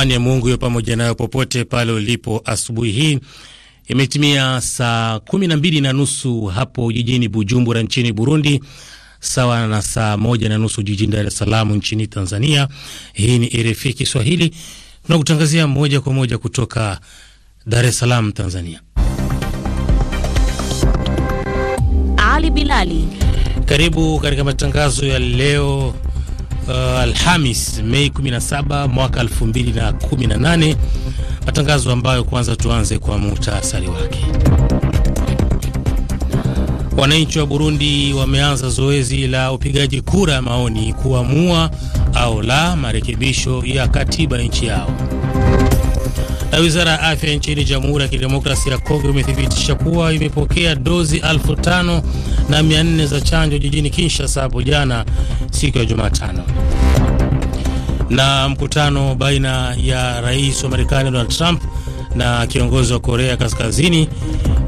Amani ya Mungu iyo pamoja nayo popote pale ulipo. Asubuhi hii imetimia saa kumi na mbili na nusu hapo jijini Bujumbura nchini Burundi, sawa na saa moja na nusu jijini Dar es Salaam nchini Tanzania. Hii ni RFI Kiswahili, tunakutangazia moja kwa moja kutoka Dar es Salaam, Tanzania. Ali Bilali, karibu katika matangazo ya leo uh, Alhamis Mei 17 mwaka 2018. Matangazo ambayo kwanza tuanze kwa muhtasari wake. Wananchi wa Burundi wameanza zoezi la upigaji kura maoni kuamua au la marekebisho ya katiba nchi yao. Wizara ya afya nchini Jamhuri ya Kidemokrasia ya Kongo imethibitisha kuwa imepokea dozi elfu tano na mia nne za chanjo jijini Kinshasa hapo jana siku ya Jumatano. Na mkutano baina ya rais wa Marekani Donald Trump na kiongozi wa Korea Kaskazini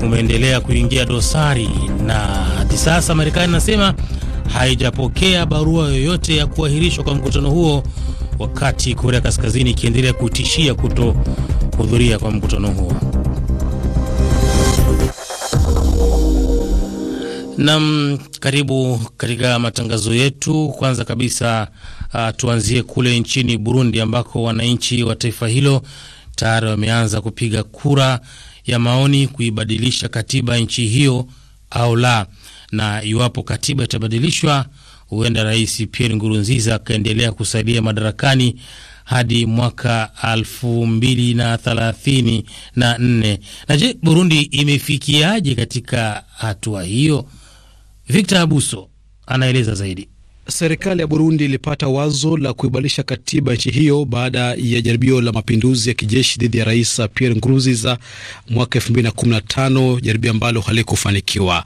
umeendelea kuingia dosari, na hadi sasa Marekani inasema haijapokea barua yoyote ya kuahirishwa kwa mkutano huo, wakati Korea Kaskazini ikiendelea kutishia kuto kuhudhuria kwa mkutano huo. Nam, karibu katika matangazo yetu. Kwanza kabisa uh, tuanzie kule nchini Burundi ambako wananchi wa taifa hilo tayari wameanza kupiga kura ya maoni kuibadilisha katiba nchi hiyo au la, na iwapo katiba itabadilishwa, huenda Rais Pierre Nkurunziza akaendelea kusalia madarakani hadi mwaka elfu mbili na thelathini na nne. Na je, Burundi imefikiaje katika hatua hiyo? Victor Abuso anaeleza zaidi. Serikali ya Burundi ilipata wazo la kuibadilisha katiba nchi hiyo baada ya jaribio la mapinduzi ya kijeshi dhidi ya rais Pierre Nkurunziza mwaka 2015, jaribio ambalo halikufanikiwa.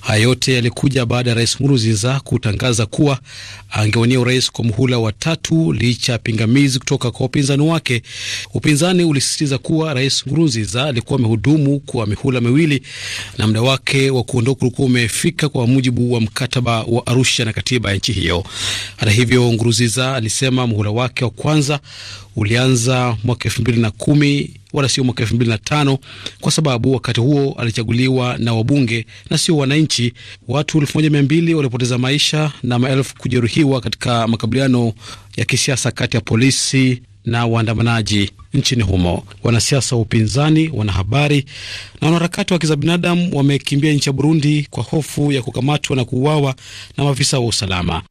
Haya yote yalikuja baada ya rais Nkurunziza kutangaza kuwa angewania urais kwa muhula wa tatu licha ya pingamizi kutoka kwa upinzani wake. Upinzani ulisisitiza kuwa rais Nkurunziza alikuwa amehudumu kwa mihula miwili na muda wake wa kuondoka ulikuwa umefika kwa mujibu wa mkataba wa Arusha na katiba ya nchi hiyo. Hata hivyo, Nguruziza alisema muhula wake wa kwanza ulianza mwaka elfu mbili na kumi wala sio mwaka elfu mbili na tano kwa sababu wakati huo alichaguliwa na wabunge na sio wananchi. Watu elfu moja mia mbili walipoteza maisha na maelfu kujeruhiwa katika makabiliano ya kisiasa kati ya polisi na waandamanaji nchini humo. Wanasiasa wa upinzani, wanahabari na wanaharakati wa haki za binadamu wamekimbia nchi ya Burundi kwa hofu ya kukamatwa na kuuawa na maafisa wa usalama.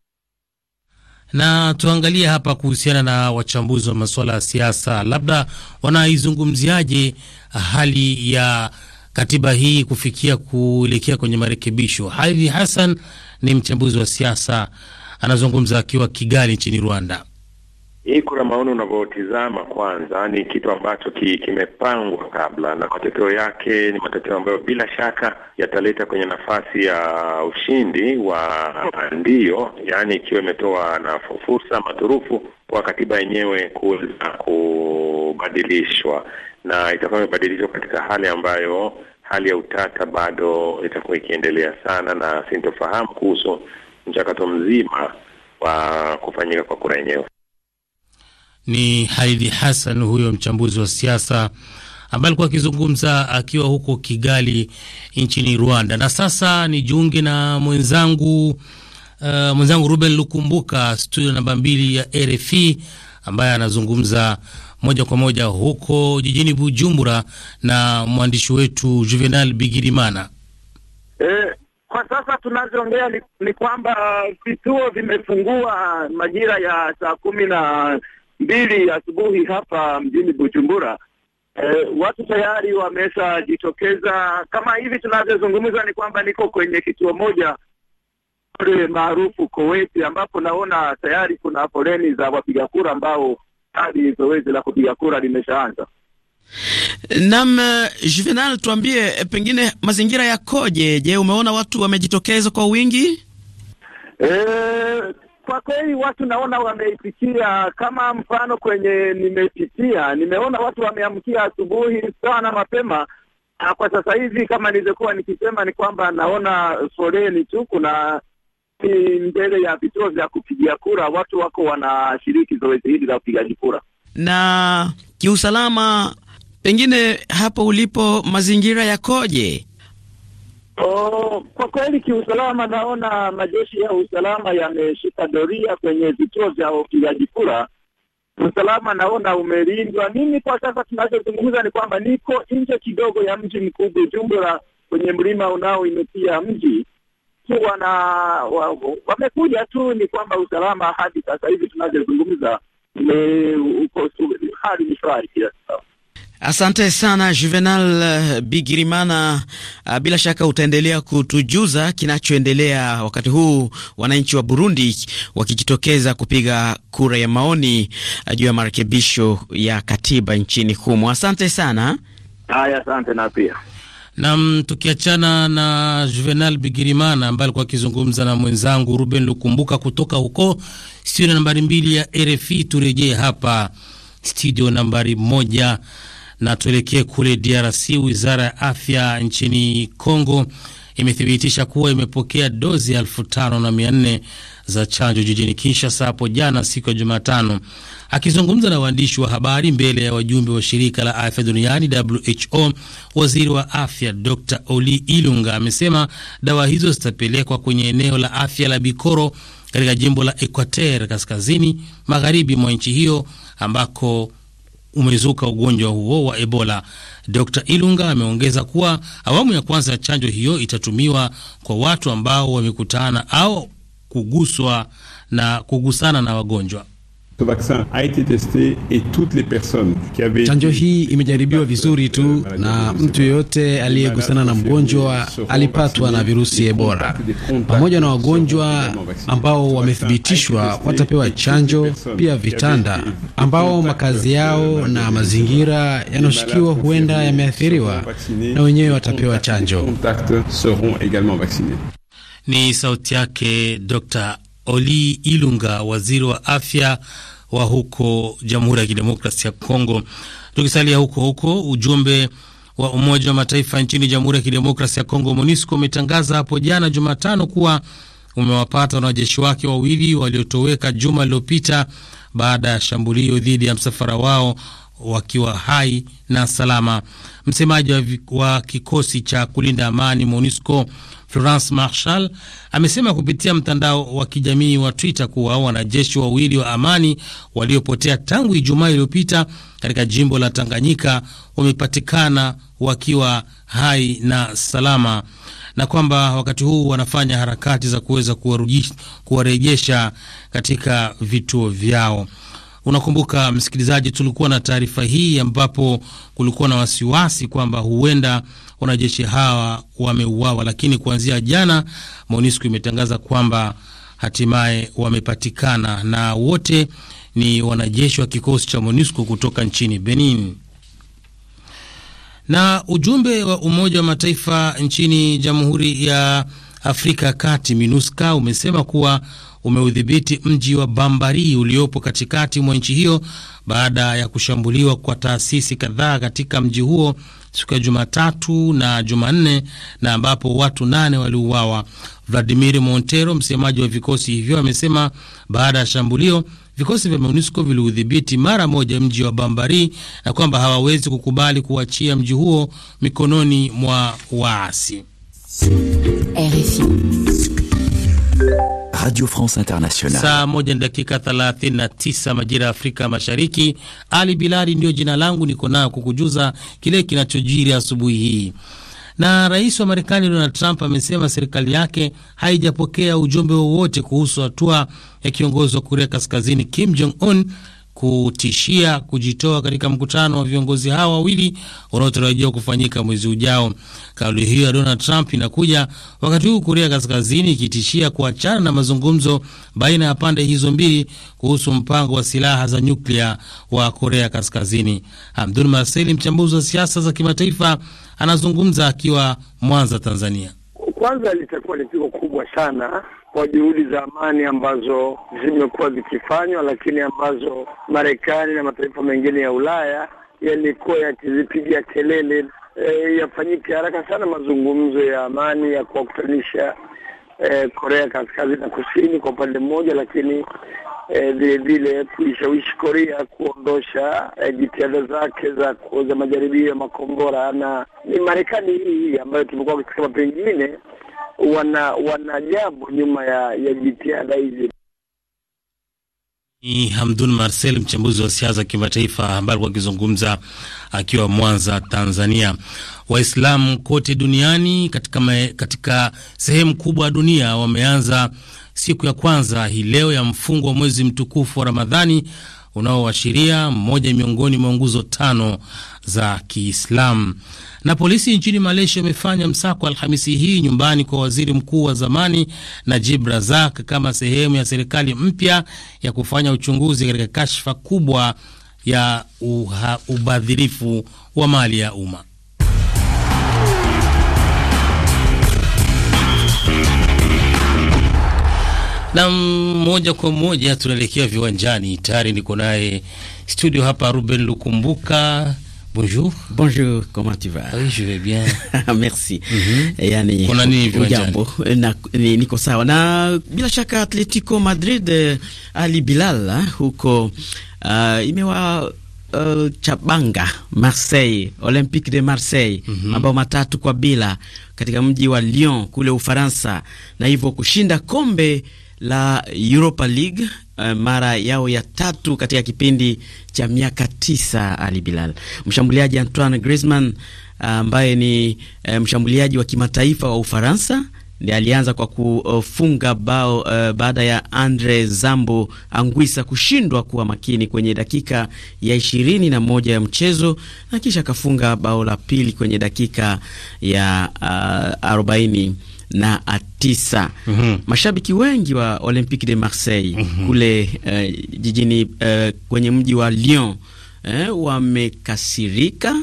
Na tuangalie hapa kuhusiana na wachambuzi wa masuala ya siasa, labda wanaizungumziaje hali ya katiba hii kufikia kuelekea kwenye marekebisho. Haidhi Hassan ni mchambuzi wa siasa, anazungumza akiwa Kigali nchini Rwanda. Hii kura maoni unavyotizama kwanza ni kitu ambacho ki, kimepangwa kabla, na matokeo yake ni matokeo ambayo bila shaka yataleta kwenye nafasi ya ushindi wa ndio, yaani ikiwa imetoa na fursa maturufu kwa katiba yenyewe kuweza kubadilishwa, na itakuwa imebadilishwa katika hali ambayo hali ya utata bado itakuwa ikiendelea sana na sintofahamu kuhusu mchakato mzima wa kufanyika kwa kura yenyewe. Ni Haidhi Hassan, huyo mchambuzi wa siasa ambaye alikuwa akizungumza akiwa huko Kigali nchini Rwanda. Na sasa ni jiunge na mwenzangu uh, mwenzangu Ruben Lukumbuka studio namba mbili ya RFI ambaye anazungumza moja kwa moja huko jijini Bujumbura na mwandishi wetu Juvenal Bigirimana. Eh, kwa sasa tunavyoongea ni, ni kwamba vituo vimefungua majira ya saa kumi na mbili asubuhi hapa mjini Bujumbura. E, watu tayari wameshajitokeza. Kama hivi tunavyozungumza, ni kwamba niko kwenye kituo moja kule maarufu Koweti, ambapo naona tayari kuna foleni za wapiga kura ambao hadi zoezi la kupiga kura limeshaanza. Naam, eh, Juvenal, tuambie eh, pengine mazingira yakoje? Je, umeona watu wamejitokeza kwa wingi? E, kwa kweli watu naona wameipitia, kama mfano kwenye nimepitia, nimeona watu wameamkia asubuhi sana mapema. Kwa sasa hivi kama nilivyokuwa nikisema, ni kwamba naona foleni tu, kuna mbele ya vituo vya kupigia kura, watu wako wanashiriki zoezi hili la upigaji kura. Na kiusalama, pengine hapo ulipo mazingira yakoje? Oh, kwa kweli kiusalama, naona majeshi ya usalama yameshika doria kwenye vituo vya upigaji kura. Usalama naona umelindwa. Mimi kwa sasa tunachozungumza ni kwamba niko nje kidogo ya mji mkuu Bujumbura, kwenye mlima unaoinukia mji tu na wa, wamekuja tu. Ni kwamba usalama hadi sasa hivi tunavyozungumza, hali ni shwari Asante sana Juvenal eh, Bigirimana. Ah, bila shaka utaendelea kutujuza kinachoendelea wakati huu wananchi wa Burundi wakijitokeza kupiga kura ya maoni ah, juu ya marekebisho ya katiba nchini humo. Asante sana. Haya, asante na pia Nam, tukiachana na Juvenal Bigirimana ambaye alikuwa akizungumza na mwenzangu Ruben Lukumbuka kutoka huko studio nambari mbili ya RFI, turejee hapa studio nambari moja na tuelekee kule DRC. Wizara ya afya nchini Congo imethibitisha kuwa imepokea dozi elfu tano na mia nne za chanjo jijini Kinshasa hapo jana siku ya Jumatano. Akizungumza na waandishi wa habari mbele ya wajumbe wa shirika la afya duniani WHO, waziri wa afya Dr Oli Ilunga amesema dawa hizo zitapelekwa kwenye eneo la afya la Bikoro katika jimbo la Equateur kaskazini magharibi mwa nchi hiyo ambako umezuka ugonjwa huo wa Ebola. Dr Ilunga ameongeza kuwa awamu ya kwanza ya chanjo hiyo itatumiwa kwa watu ambao wamekutana au kuguswa na kugusana na wagonjwa. Chanjo hii imejaribiwa vizuri tu na mtu yeyote aliyegusana na mgonjwa alipatwa na virusi Ebola. Pamoja na wagonjwa ambao wamethibitishwa watapewa chanjo, pia vitanda ambao makazi yao na mazingira yanayoshikiwa huenda yameathiriwa na wenyewe watapewa chanjo. Ni sauti yake Dr. Oli Ilunga, waziri wa afya wa huko Jamhuri ya Kidemokrasia ya Kongo. Tukisalia huko huko, ujumbe wa Umoja wa Mataifa nchini Jamhuri ya Kidemokrasia ya Kongo, MONUSCO, umetangaza hapo jana Jumatano kuwa umewapata wanajeshi wake wawili waliotoweka juma lililopita baada ya shambulio dhidi ya msafara wao wakiwa hai na salama. Msemaji wa kikosi cha kulinda amani MONUSCO Florence Marshal amesema kupitia mtandao wa kijamii wa Twitter kuwa wanajeshi wawili wa amani waliopotea tangu Ijumaa iliyopita katika jimbo la Tanganyika wamepatikana wakiwa hai na salama na kwamba wakati huu wanafanya harakati za kuweza kuwarejesha katika vituo vyao. Unakumbuka msikilizaji, tulikuwa na taarifa hii ambapo kulikuwa na wasiwasi kwamba huenda wanajeshi hawa wameuawa, lakini kuanzia jana MONUSCO imetangaza kwamba hatimaye wamepatikana na wote ni wanajeshi wa kikosi cha MONUSCO kutoka nchini Benin. Na ujumbe wa Umoja wa Mataifa nchini Jamhuri ya Afrika ya Kati MINUSCA umesema kuwa umeudhibiti mji wa Bambari uliopo katikati mwa nchi hiyo baada ya kushambuliwa kwa taasisi kadhaa katika mji huo siku ya Jumatatu na Jumanne, na ambapo watu nane waliuawa. Vladimir Montero, msemaji wa vikosi hivyo, amesema baada ya shambulio vikosi vya MONUSCO viliudhibiti mara moja mji wa Bambari na kwamba hawawezi kukubali kuachia mji huo mikononi mwa waasi. RFI Radio France Internationale. Saa moja na dakika 39 majira ya Afrika Mashariki. Ali Bilali ndio jina langu, niko nayo kukujuza kile kinachojiri asubuhi hii. Na rais wa Marekani Donald Trump amesema serikali yake haijapokea ujumbe wowote kuhusu hatua ya kiongozi wa Korea Kaskazini Kim Jong Un kutishia kujitoa katika mkutano wa viongozi hawa wawili unaotarajiwa kufanyika mwezi ujao. Kauli hiyo ya Donald Trump inakuja wakati huu Korea Kaskazini ikitishia kuachana na mazungumzo baina ya pande hizo mbili kuhusu mpango wa silaha za nyuklia wa Korea Kaskazini. Hamdun Marseli, mchambuzi wa siasa za kimataifa, anazungumza akiwa Mwanza, Tanzania. Kwanza litakuwa ni pigo kubwa sana kwa juhudi za amani ambazo zimekuwa zikifanywa, lakini ambazo Marekani na mataifa mengine ya Ulaya yalikuwa yakizipigia kelele e, yafanyike haraka sana mazungumzo ya amani ya kuwakutanisha e, Korea Kaskazini na Kusini kwa upande mmoja, lakini vilevile eh, kuishawishi Korea kuondosha e, jitihada zake za kuoza majaribio ya makombora. Na ni Marekani hii ambayo tumekuwa tukisema pengine wana jambo nyuma ya, ya jitihada hizi. Ni Hamdun Marcel, mchambuzi wa siasa kimataifa, ambaye alikuwa akizungumza akiwa Mwanza, Tanzania. Waislamu kote duniani katika, me, katika sehemu kubwa ya dunia wameanza siku ya kwanza hii leo ya mfungo wa mwezi mtukufu wa Ramadhani unaoashiria mmoja miongoni mwa nguzo tano za Kiislamu. Na polisi nchini Malaysia wamefanya msako Alhamisi hii nyumbani kwa waziri mkuu wa zamani Najib Razak kama sehemu ya serikali mpya ya kufanya uchunguzi katika kashfa kubwa ya uha, ubadhirifu wa mali ya umma. Na moja kwa moja tunaelekea viwanjani. Tayari niko naye studio hapa Ruben Lukumbuka Bonjour. Bonjour, comment tu vas Oui, je vais bien. Merci. Mm -hmm. niko sawa na bila shaka Atletico Madrid euh, Ali Bilal hein, huko euh, imewa euh, chabanga Marseille, Olympique de Marseille mm -hmm. mabao kwa bila katika mji wa Lyon kule Ufaransa, na hivyo kushinda kombe la Europa League Eh, mara yao ya tatu katika kipindi cha miaka tisa. Ali Bilal, mshambuliaji Antoine Griezmann eh, ambaye ni eh, mshambuliaji wa kimataifa wa Ufaransa ndiye alianza kwa kufunga bao uh, baada ya Andre Zambo Anguisa kushindwa kuwa makini kwenye dakika ya ishirini na moja ya mchezo na kisha akafunga bao la pili kwenye dakika ya uh, arobaini na tisa. mm -hmm. Mashabiki wengi wa Olympique de Marseille mm -hmm. kule uh, jijini uh, kwenye mji wa Lyon eh, wamekasirika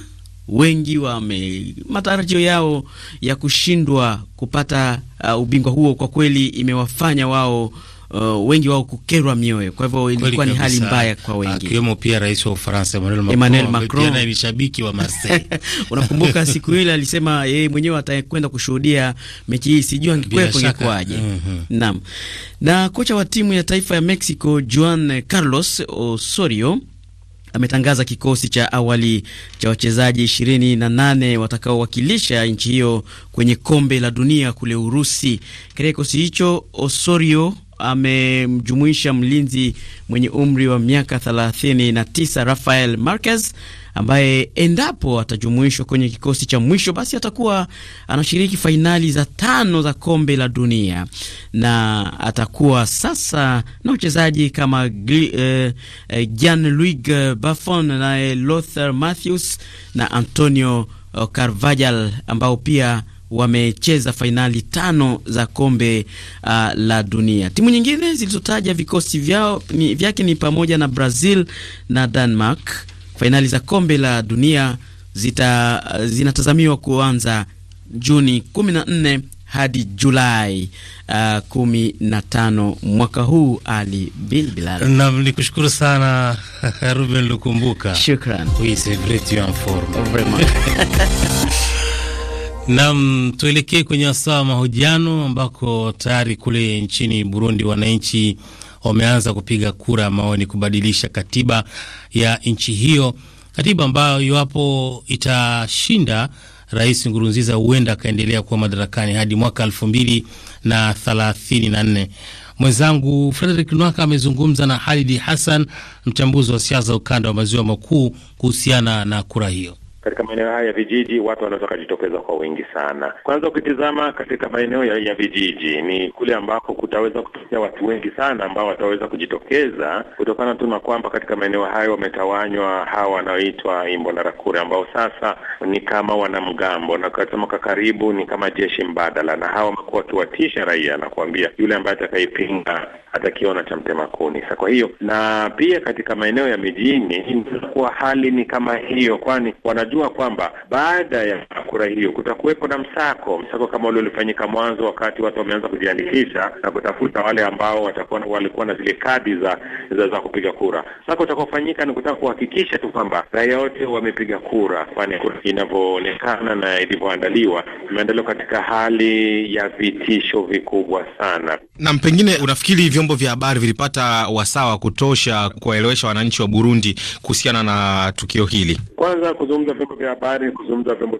wengi wame matarajio yao ya kushindwa kupata uh, ubingwa huo kwa kweli imewafanya wao uh, wengi wao kukerwa mioyo. Kwa hivyo ilikuwa ni hali mbaya kwa wengi, akiwemo pia rais wa Ufaransa Emmanuel Macron, Emmanuel Macron. na ni shabiki wa Marseille. Unakumbuka siku ile alisema yeye mwenyewe atakwenda kushuhudia mechi hii, sijui angekuwa ingekuwaje. mm Naam, na kocha wa timu ya taifa ya Mexico Juan Carlos Osorio ametangaza kikosi cha awali cha wachezaji 28 na nane watakaowakilisha nchi hiyo kwenye kombe la dunia kule Urusi. Katika kikosi hicho Osorio amemjumuisha mlinzi mwenye umri wa miaka 39 Rafael Marquez ambaye endapo atajumuishwa kwenye kikosi cha mwisho basi atakuwa anashiriki fainali za tano za kombe la dunia na atakuwa sasa na wachezaji kama Gianluigi eh, eh Buffon naye Lothar Matthews na Antonio Carvajal ambao pia wamecheza fainali tano za kombe uh, la dunia. Timu nyingine zilizotaja vikosi vyao, ni, vyake ni pamoja na Brazil na Denmark. Fainali za kombe la dunia zita, uh, zinatazamiwa kuanza Juni 14 hadi Julai uh, 15 mwaka huu. Ali Bilbilal, ni kushukuru sana Ruben Lukumbuka, shukran. Nam, tuelekee kwenye wasaa wa mahojiano ambako tayari kule nchini Burundi wananchi wameanza kupiga kura maoni kubadilisha katiba ya nchi hiyo, katiba ambayo iwapo itashinda Rais Ngurunziza huenda akaendelea kuwa madarakani hadi mwaka elfu mbili na thelathini na nne. Mwenzangu Frederick Nwaka amezungumza na Halidi Hassan, mchambuzi wa siasa ukanda wa maziwa makuu kuhusiana na kura hiyo katika maeneo haya ya vijiji watu wanaweza wakajitokeza kwa wingi sana. Kwanza ukitizama katika maeneo ya, ya vijiji ni kule ambako kutaweza kutokea watu wengi sana ambao wataweza kujitokeza kutokana tu na kwamba katika maeneo hayo wametawanywa hawa wanaoitwa Imbonerakure ambao sasa ni kama wanamgambo na katamaka karibu ni kama jeshi mbadala, na hawa wamekuwa wakiwatisha raia na kuambia yule ambaye atakayepinga atakiona cha mtema kuni. Sa kwa hiyo na pia katika maeneo ya mijini kuwa hali ni kama hiyo, kwani wanajua tunajua kwamba baada ya kura hiyo kutakuwepo na msako, msako kama ule ulifanyika mwanzo wakati watu wameanza kujiandikisha na kutafuta wale ambao watakuwa walikuwa na zile kadi za za, za kupiga kura. Msako utakaofanyika ni kutaka kuhakikisha tu kwamba raia wote wamepiga kura, kwani kura inavyoonekana na ilivyoandaliwa imeandaliwa katika hali ya vitisho vikubwa sana. Nam, pengine unafikiri vyombo vya habari vilipata wasaa wa kutosha kuwaelewesha wananchi wa Burundi kuhusiana na tukio hili? Kwanza kuzungumza vyombo vya habari kuzungumza vyombo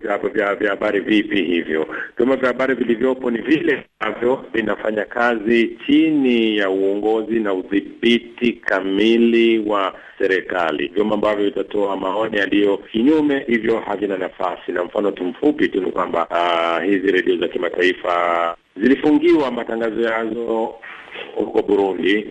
vya habari vipi? Hivyo vyombo vya habari vilivyopo ni vile ambavyo vinafanya kazi chini ya uongozi na udhibiti kamili wa serikali. Vyombo ambavyo vitatoa maoni yaliyo kinyume hivyo havina nafasi, na mfano tu mfupi tu ni kwamba ah, hizi redio za kimataifa zilifungiwa matangazo yazo huko Burundi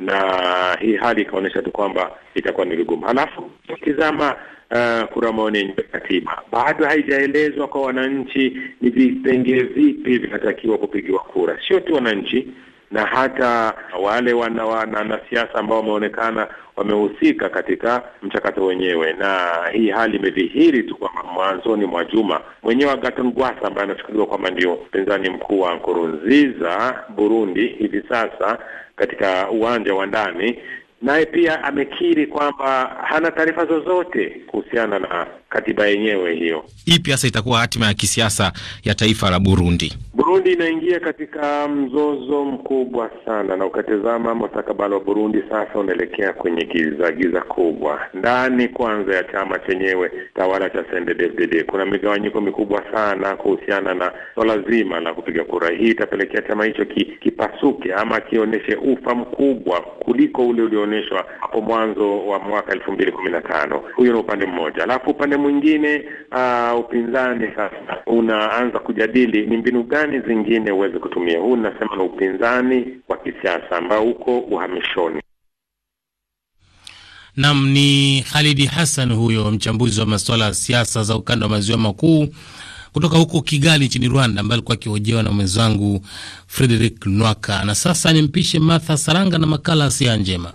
na hii hali ikaonyesha tu kwamba itakuwa ni vigumu. Halafu ukitizama Eh, kura maoni yenye katiba bado haijaelezwa kwa wananchi ni vipenge vipi vinatakiwa kupigiwa kura, sio tu wananchi na hata wale wanawanasiasa wanasiasa ambao wameonekana wamehusika katika mchakato wenyewe. Na hii hali imedhihiri tu kwamba mwanzoni mwa juma mwenyewe wa ambaye anachukuliwa kwamba ndio mpinzani mkuu wa Nkurunziza Burundi hivi sasa katika uwanja wa ndani naye pia amekiri kwamba hana taarifa zozote kuhusiana na katiba yenyewe hiyo. Ipi hasa itakuwa hatima ya kisiasa ya taifa la Burundi? Burundi inaingia katika mzozo mkubwa sana, na ukatizama mustakabali wa Burundi sasa unaelekea kwenye giza giza kubwa. Ndani kwanza ya chama chenyewe tawala cha CNDD-FDD kuna migawanyiko mikubwa sana kuhusiana na swala zima la kupiga kura. Hii itapelekea chama hicho kipasuke ama kionyeshe ufa mkubwa kuliko ule ulioonyeshwa hapo mwanzo wa mwaka elfu mbili kumi na tano. Huyo ni upande mmoja, alafu upande mwingine uh, upinzani sasa unaanza kujadili ni mbinu gani zingine uweze kutumia. Huu nasema na upinzani wa kisiasa ambao uko uhamishoni. Nam ni Khalidi Hassan, huyo mchambuzi wa masuala ya siasa za ukanda wa maziwa makuu kutoka huko Kigali nchini Rwanda, ambaye alikuwa akihojewa na mwenzangu Frederick Nwaka. Na sasa nimpishe Martha Saranga na makala ya Siha Njema.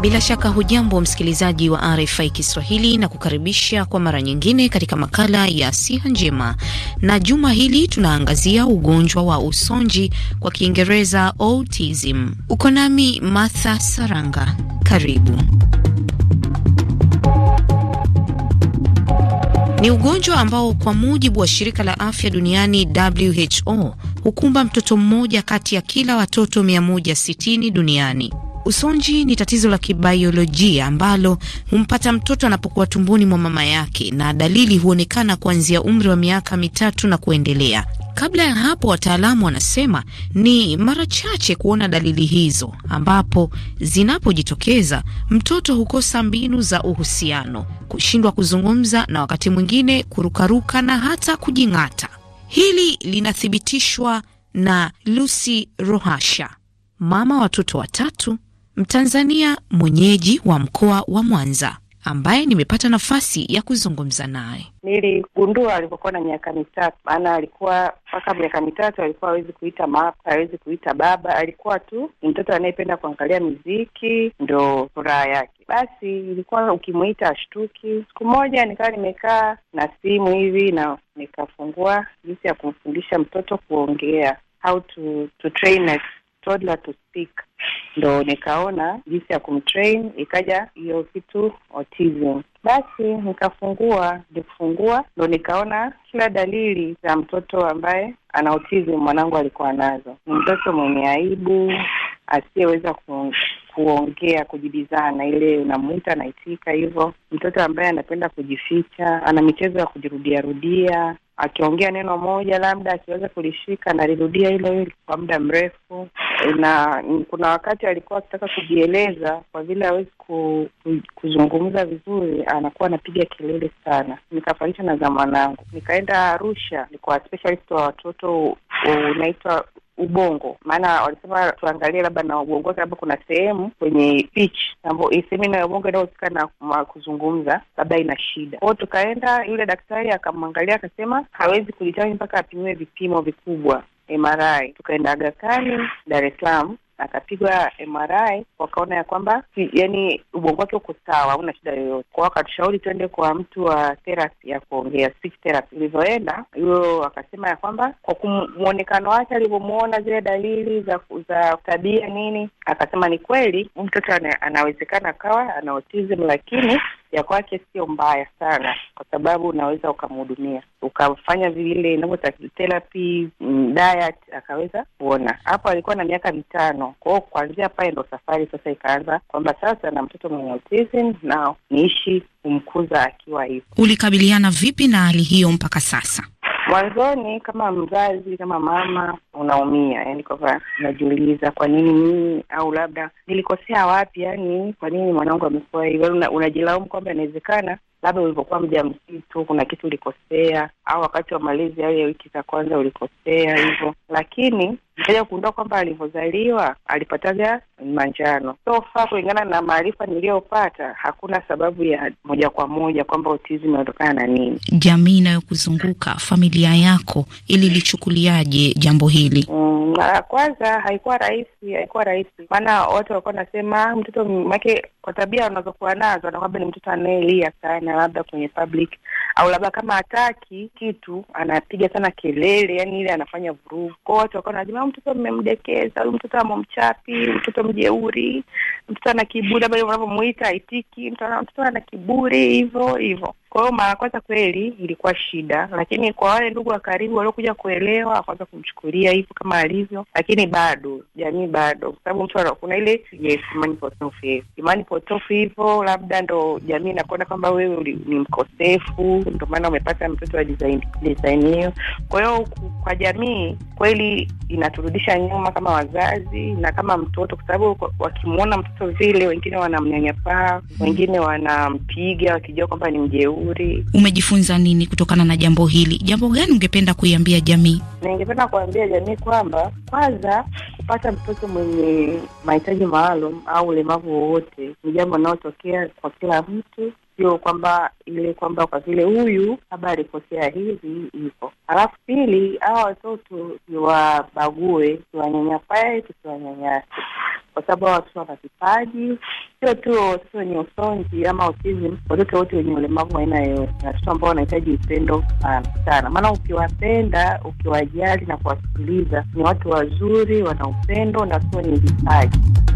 Bila shaka hujambo msikilizaji wa RFI Kiswahili na kukaribisha kwa mara nyingine katika makala ya siha njema, na juma hili tunaangazia ugonjwa wa usonji kwa Kiingereza autism. Uko nami Martha Saranga, karibu. Ni ugonjwa ambao kwa mujibu wa shirika la afya duniani WHO hukumba mtoto mmoja kati ya kila watoto 160 duniani. Usonji ni tatizo la kibaiolojia ambalo humpata mtoto anapokuwa tumboni mwa mama yake, na dalili huonekana kuanzia umri wa miaka mitatu na kuendelea. Kabla ya hapo, wataalamu wanasema ni mara chache kuona dalili hizo, ambapo zinapojitokeza mtoto hukosa mbinu za uhusiano, kushindwa kuzungumza, na wakati mwingine kurukaruka na hata kujing'ata. Hili linathibitishwa na Lucy Rohasha, mama watoto watatu Mtanzania mwenyeji wa mkoa wa Mwanza ambaye nimepata nafasi ya kuzungumza naye. Niligundua alivyokuwa na miaka mitatu, maana alikuwa mpaka miaka mitatu alikuwa hawezi kuita mapa, hawezi kuita baba, alikuwa tu ni mtoto anayependa kuangalia miziki ndo furaha yake. Basi ilikuwa ukimwita ashtuki. Siku moja nikawa nimekaa na simu hivi na nikafungua jinsi ya kumfundisha mtoto kuongea, how to to train toddler to speak, ndo nikaona jinsi ya kumtrain, ikaja hiyo kitu autism. Basi nikafungua nikufungua, ndo nikaona kila dalili za mtoto ambaye ana autism mwanangu alikuwa nazo. Ni mtoto mwenye aibu, asiyeweza kuongea, kujibizana, ile unamuita anaitika hivyo, mtoto ambaye anapenda kujificha, ana michezo ya kujirudiarudia akiongea neno moja labda akiweza kulishika lirudia hilo hilo kwa muda mrefu. Na kuna wakati alikuwa akitaka kujieleza, kwa vile awezi ku, ku, kuzungumza vizuri, anakuwa anapiga kelele sana. Nikafanisha na za mwanangu, nikaenda Arusha, ni kwa specialist wa watoto unaitwa ubongo, maana walisema tuangalie labda na ubongo wake, labda kuna sehemu kwenye pich ambapo sehemu ina ubongo inayohusika na kuzungumza labda ina shida kwao. Tukaenda yule daktari akamwangalia, akasema hawezi kujitani mpaka apimiwe vipimo vikubwa MRI, tukaenda Aga Khan, Dar es Salaam akapigwa MRI wakaona ya kwamba yani ubongo wake uko sawa, hauna shida yoyote kwao. Akatushauri tuende kwa mtu wa therapy ya kuongea, speech therapy. Ulivyoenda huyo akasema ya kwamba kwa mwonekano wake alivyomwona zile dalili za za tabia nini, akasema ni kweli mtoto anawezekana akawa ana autism, lakini ya kwake sio mbaya sana, kwa sababu unaweza ukamhudumia ukafanya vile inavyotakiwa therapy, mm, diet, akaweza kuona. Hapo alikuwa na miaka mitano kwao, kuanzia pale ndo safari sasa ikaanza kwamba sasa na mtoto mwenye autism na niishi kumkuza akiwa hivo Ulikabiliana vipi na hali hiyo mpaka sasa? Mwanzoni kama mzazi, kama mama, unaumia yani, kwamba unajiuliza kwa nini mimi, au labda nilikosea wapi, yani kwa nini mwanangu amekuwa hivi. Unajilaumu kwamba inawezekana labda ulivyokuwa mja mzito, kuna kitu ulikosea, au wakati wa malezi yale ya wiki za kwanza ulikosea hivyo, lakini nikaja kugundua kwamba alivyozaliwa alipataga manjano. So far kulingana na maarifa niliyopata, hakuna sababu ya moja kwa moja kwamba autism inatokana na nini. Jamii inayokuzunguka familia yako ili lichukuliaje jambo hili? Mm, kwanza haikuwa rahisi, haikuwa rahisi, maana watu walikuwa wanasema mtoto make, kwa tabia wanazokuwa nazo anakwambia ni mtoto anayelia sana na labda kwenye public, au labda kama hataki kitu anapiga sana kelele, yani ile anafanya vurugu kwao, watu wakawa wanasema mtoto mmemdekeza, huyu mtoto amomchapi, mtoto mjeuri, mtoto ana kiburi, labda unavyomuita haitiki, mtoto ana kiburi, hivyo hivyo. Kwa hiyo mara kwanza kweli ilikuwa shida, lakini kwa wale ndugu wa karibu waliokuja kuelewa, kwanza kumchukulia hivyo kama alivyo, lakini bado jamii bado, kwa sababu mtu kuna ile yes, imani potofu yes, imani potofu hivyo, labda ndo jamii inakuona kwamba wewe ni mkosefu, ndo maana umepata mtoto wa design design hiyo. Kwa hiyo kwa jamii kweli inaturudisha nyuma kama wazazi na kama mtoto, kwa sababu wakimwona mtoto vile, wengine wanamnyanyapaa, wengine wanampiga wakijua kwamba ni mjeu ushauri. Umejifunza nini kutokana na jambo hili? Jambo gani ungependa kuiambia jamii? Ningependa kuambia jamii kwamba kwanza, kupata mtoto mwenye mahitaji maalum au ulemavu wowote ni jambo linalotokea kwa kila mtu, sio kwamba ile kwamba kwa vile huyu labda alikosea hivi hivyo. Halafu pili, hawa watoto tusiwabague, tusiwanyanyapae, tusiwanyanyase kwa sababu hao watoto wana vipaji, sio tu watoto wenye usonji ama autism, watoto wote wenye ulemavu aina yoyote, na watoto ambao wanahitaji upendo ah, sana, maana ukiwapenda, ukiwajali na kuwasikiliza, ni watu wazuri, wana upendo na watoto wenye vipaji.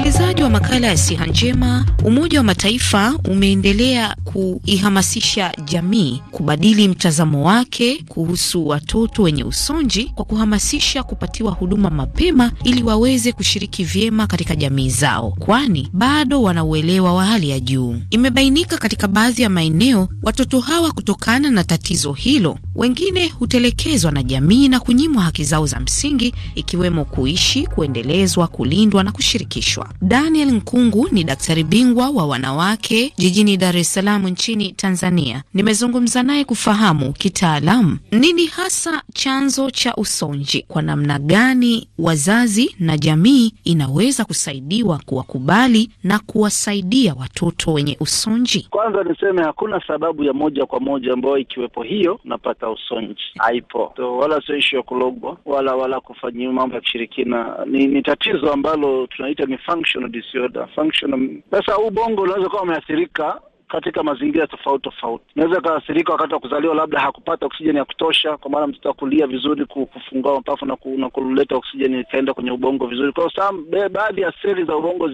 Msikilizaji wa makala ya siha njema, Umoja wa Mataifa umeendelea kuihamasisha jamii kubadili mtazamo wake kuhusu watoto wenye usonji kwa kuhamasisha kupatiwa huduma mapema ili waweze kushiriki vyema katika jamii zao, kwani bado wana uelewa wa hali ya juu. Imebainika katika baadhi ya maeneo watoto hawa, kutokana na tatizo hilo, wengine hutelekezwa na jamii na kunyimwa haki zao za msingi, ikiwemo kuishi, kuendelezwa, kulindwa na kushirikishwa ugonjwa. Daniel Nkungu ni daktari bingwa wa wanawake jijini Dar es Salaam nchini Tanzania. Nimezungumza naye kufahamu kitaalamu nini hasa chanzo cha usonji, kwa namna gani wazazi na jamii inaweza kusaidiwa kuwakubali na kuwasaidia watoto wenye usonji. Kwanza niseme hakuna sababu ya moja kwa moja ambayo ikiwepo hiyo napata usonji, haipo so, wala sio ishu ya kulogwa wala wala kufanyiwa mambo ya kushirikina. Ni, ni tatizo ambalo tunaita ni functional disorder, functional. Sasa ubongo unaweza kuwa umeathirika katika mazingira tofauti tofauti. unaweza kaathirika wakati wa kuzaliwa, labda hakupata oksijeni ya kutosha, kwa maana mtoto akulia vizuri kufungua mapafu na, ku, na kuleta oksijeni ikaenda kwenye ubongo vizuri. Kwa baadhi ya seli za ubongo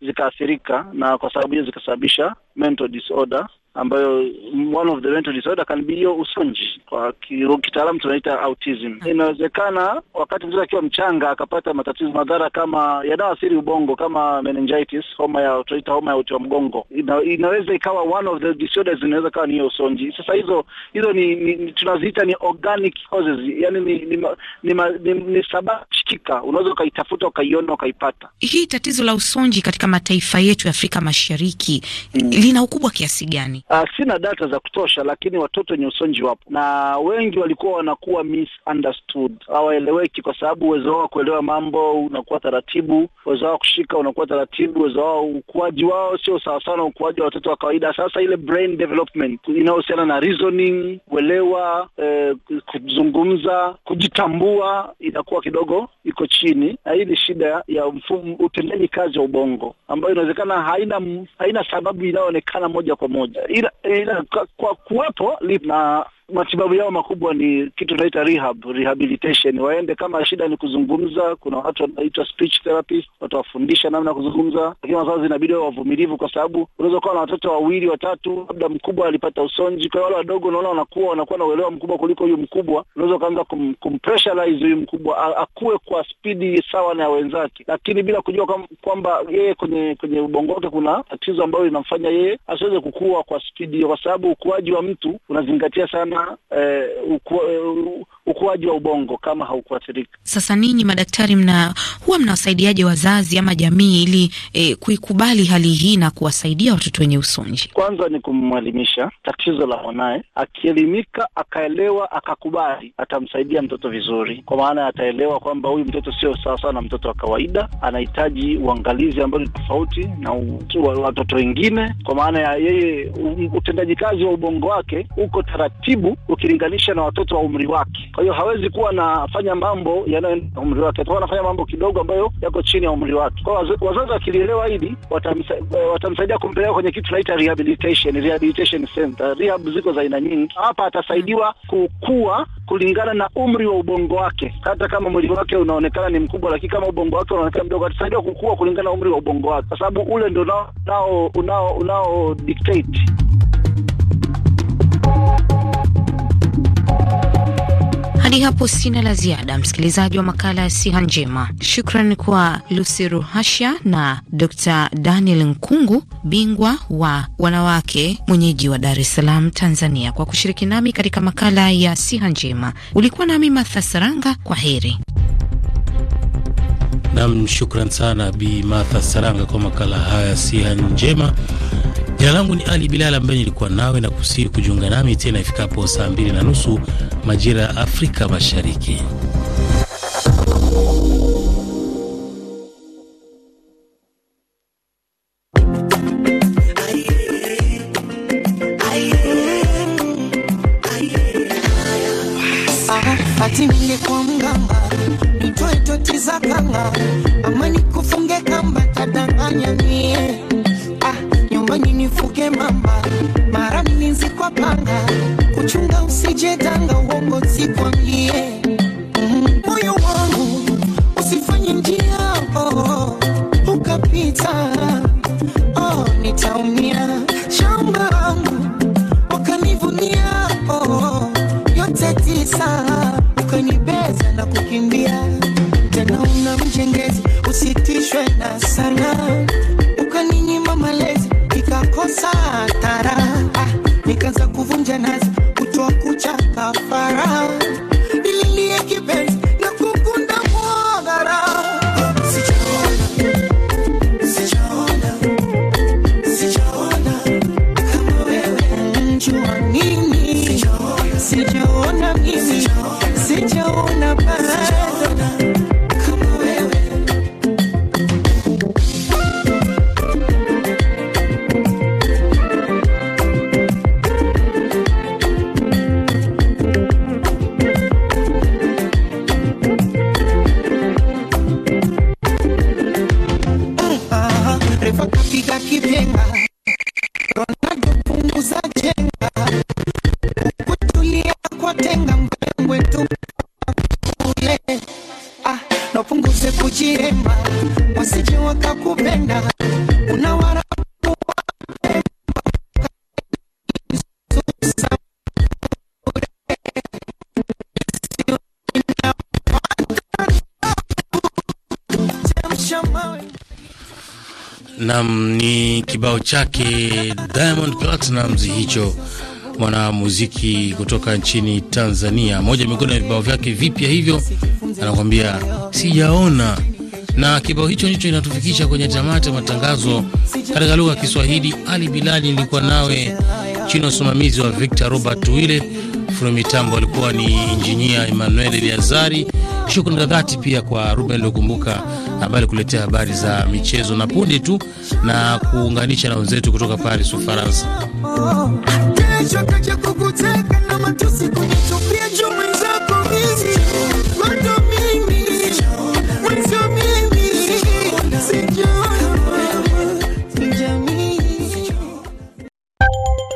zikaathirika zika na kwa sababu hiyo zikasababisha mental disorder ambayo one of the mental disorder can be hiyo usonji, kwa kitaalamu tunaita autism. Hmm. Inawezekana wakati mtoto akiwa mchanga akapata matatizo madhara kama yanayoathiri ubongo kama meningitis, homa ya tunaita homa ya uti wa mgongo. Ina, inaweza ikawa one of the disorders, inaweza ikawa ni hiyo usonji. Sasa hizo hizo ni, ni tunaziita ni organic causes, yani ni ni, ni, ni, ni, ni sababu kuitika, unaweza ukaitafuta ukaiona ukaipata. Hii tatizo la usonji katika mataifa yetu ya Afrika Mashariki mm, lina ukubwa kiasi gani? Uh, sina data za kutosha, lakini watoto wenye usonji wapo na wengi walikuwa wanakuwa misunderstood, hawaeleweki kwa sababu uwezo wao wa kuelewa mambo unakuwa taratibu, uwezo wao wa kushika unakuwa taratibu, uwezo wao, ukuaji wao sio sawasawa na ukuaji wa watoto wa kawaida. Sasa ile brain development inayohusiana na reasoning, kuelewa, eh, kuzungumza, kujitambua inakuwa kidogo iko chini, na hii ni shida ya mfumo utendaji kazi wa ubongo ambayo inawezekana haina haina sababu inayoonekana moja kwa moja, ila, ila kwa kuwepo na matibabu yao makubwa ni kitu tunaita rehab, rehabilitation. Waende kama shida ni kuzungumza, kuna watu wanaitwa speech therapist, watawafundisha namna ya kuzungumza. Lakini wazazi inabidi wawe wavumilivu, kwa sababu unaweza kuwa na watoto wawili watatu, labda mkubwa alipata usonji, kwa wale wadogo unaona wanakuwa wanakuwa na uelewa mkubwa kuliko huyu mkubwa. Unaweza ukaanza kum, kumpressurize huyu mkubwa akuwe kwa spidi sawa na wenzake, lakini bila kujua kwamba yeye kwenye kwenye ubongo wake kuna tatizo ambayo inamfanya yeye asiweze kukua kwa spidi, kwa sababu ukuaji wa mtu unazingatia sana uh, o, é, o, ukuaji wa ubongo kama haukuathirika. Sasa ninyi madaktari, mna huwa mnawasaidiaje wazazi ama jamii ili e, kuikubali hali hii na kuwasaidia watoto wenye usonji? Kwanza ni kumwalimisha tatizo la mwanaye. Akielimika, akaelewa, akakubali, atamsaidia mtoto vizuri, kwa maana ataelewa kwamba huyu mtoto sio sawasawa na mtoto wa kawaida, anahitaji uangalizi ambao ni tofauti na watoto wengine, kwa maana ya yeye utendaji kazi wa ubongo wake uko taratibu ukilinganisha na watoto wa umri wake. Kwa hiyo hawezi kuwa anafanya mambo yanayoenda umri wake, kwa anafanya mambo kidogo ambayo yako chini ya umri wake. Kwa wazazi wakilielewa hili, watamsa, eh, watamsaidia kumpeleka kwenye kitu tunaita rehabilitation, rehabilitation center. Rehab ziko za aina nyingi. Hapa atasaidiwa kukua kulingana na umri wa ubongo wake. Hata kama mwili wake unaonekana ni mkubwa, lakini kama ubongo wake unaonekana mdogo, atasaidiwa kukua kulingana na umri wa ubongo wake, kwa sababu ule unao, unao unao unao dictate Hadi hapo sina la ziada, msikilizaji wa makala ya siha njema. Shukran kwa Lucy Ruhasha na Dr Daniel Nkungu, bingwa wa wanawake, mwenyeji wa Dar es Salaam, Tanzania, kwa kushiriki nami katika makala ya siha njema. Ulikuwa nami Martha Saranga, kwa heri. Nam, shukran sana Bi Martha Saranga kwa makala haya siha njema. Jina langu ni Ali Bilal ambaye nilikuwa nawe na kusii kujiunga nami tena ifikapo saa mbili na nusu majira ya Afrika Mashariki. Ah, amani kufunge kamba tadanganya nifuge mamba, mara mlinzi kwa panga, kuchunga usije danga, uongozi kwa mm-hmm. moyo mm, wangu usifanye njia oh, ukapita oh, nitaumia shamba wangu ukanivunia oh, yote tisa ukanibeza na kukimbia tena, una mjengezi usitishwe na sana kukosa tara, ah, nikaanza kuvunja nazi, kutoa kucha kafara Nam ni kibao chake Diamond Platnumz hicho mwanamuziki kutoka nchini Tanzania, moja miongoni ya vibao vyake vipya hivyo, anakuambia sijaona. Na kibao hicho ndicho inatufikisha kwenye tamati ya matangazo katika lugha ya Kiswahili. Ali Bilali nilikuwa nawe chini ya usimamizi wa Victor Robert Wile, fundi mitambo alikuwa ni injinia Emmanuel Eliazari. Shukrani za dhati pia kwa Ruben Lukumbuka ambaye alikuletea habari za michezo na punde tu na kuunganisha na wenzetu kutoka Paris, Ufaransa.